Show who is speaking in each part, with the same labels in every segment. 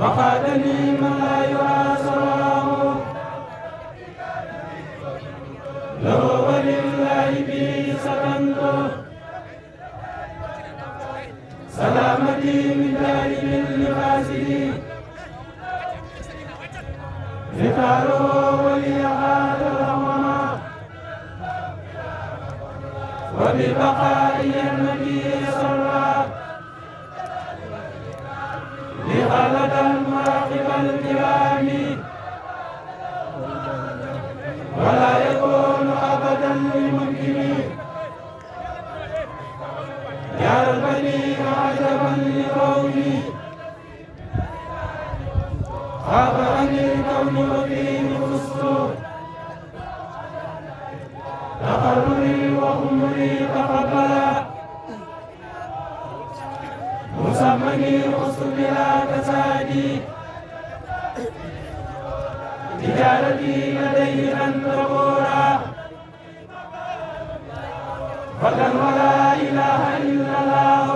Speaker 1: وقادني من لا يرى سواه له ولله به سكنت سلامتي من جانب لفاسدي ذكره ولي هذا الهوى وببقائي النبي صلى غاب عن الكون وفيه الفسطور تقرري وأمري تقبلا مسمني الرسل بلا تزادي تجارتي لديه أن تغورا فقد ولا إله إلا الله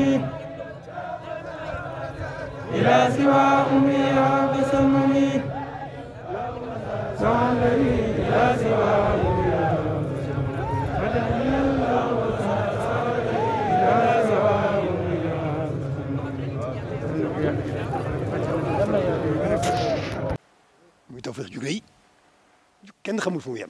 Speaker 1: إلى سوى أمي وسممي سوى الذي إلى سوى أمي
Speaker 2: muy Tawfekh jugee yi kenn xamul fu mu yem